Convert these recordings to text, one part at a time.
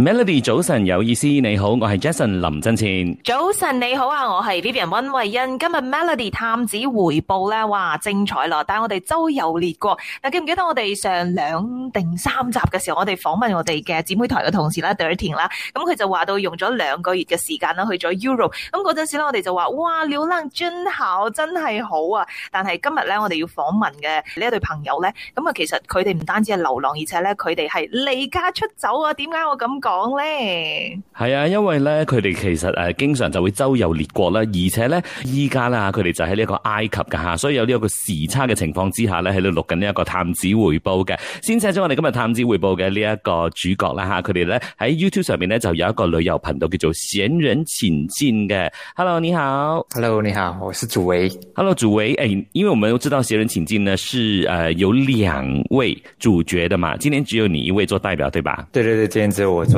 Melody 早晨有意思，你好，我係 Jason 林振前。早晨你好啊，我係 Vivian 溫慧欣。今日 Melody 探子回報咧，哇，精彩咯，帶我哋周遊列國。嗱、啊、記唔記得我哋上兩定三集嘅時候，我哋訪問我哋嘅姊妹台嘅同事啦，Dorothy 啦，咁佢、啊嗯、就話到用咗兩個月嘅時間啦，去咗 Europe、嗯。咁嗰陣時咧，我哋就話哇，流浪專校真係好啊。但係今日咧，我哋要訪問嘅呢一對朋友咧，咁、嗯、啊，其實佢哋唔單止係流浪，而且咧佢哋係離家出走啊。點解我咁講？講咧，係 啊，因為咧，佢哋其實誒、呃，經常就會周遊列國啦，而且咧，依家啦佢哋就喺呢個埃及噶吓，所以有呢個時差嘅情況之下咧，喺度錄緊呢一個探子回報嘅。先請咗我哋今日探子回報嘅呢一個主角啦吓，佢、啊、哋咧喺 YouTube 上面咧就有一個旅遊頻道叫做《閒人請進》嘅。Hello，你好。Hello，你好，我是主維。Hello，主維。誒、欸，因為我們都知道《閒人請進》呢，是誒、呃、有兩位主角的嘛，今天只有你一位做代表，對吧？對對對，今天只有我做。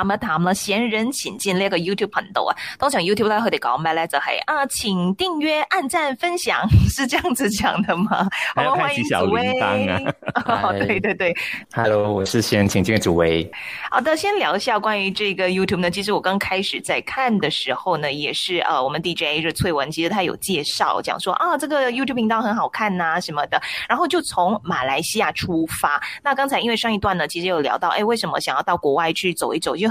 咁啊談啦，閒人請進呢個 YouTube 頻道啊。通常 YouTube 他佢哋講咩呢就係啊，請訂閱、按讚、分享，是這樣子講的嗎？好，哦，歡迎小薇，啊。哦、Hi 對對對，Hello，我是閒人請進小薇。好的，先聊一下關於這個 YouTube 呢。其實我剛開始在看的時候呢，也是，呃，我們 DJ 就是翠文其實他有介紹，講說啊，這個 YouTube 頻道很好看啊，什麼的。然後就從馬來西亞出發。那剛才因為上一段呢，其實有聊到，哎、欸、為什麼想要到國外去走一走？因為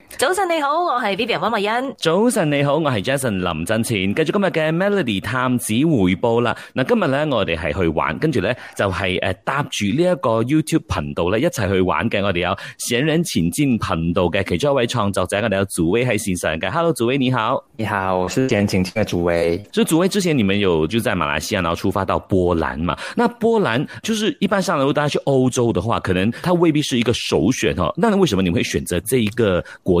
早晨你好，我是 Vivian 方慧欣。早晨你好，我是,是 Jason 林振前。繼續今日嘅 Melody 探子回報啦。嗱，今日咧我哋係去玩，跟住咧就係、是、誒搭住呢一個 YouTube 頻道咧一齊去玩嘅。我哋有《閒人請進》頻道嘅其中一位創作者，我哋有祖威喺線上嘅。Hello 祖威你好。你好，我是閒人請進嘅祖威所以祖威之前你們有就在馬來西亞，然後出發到波蘭嘛？那波蘭就是一般上嚟如果大家去歐洲嘅話，可能它未必是一個首選、哦、那為什麼你會選擇這一個國？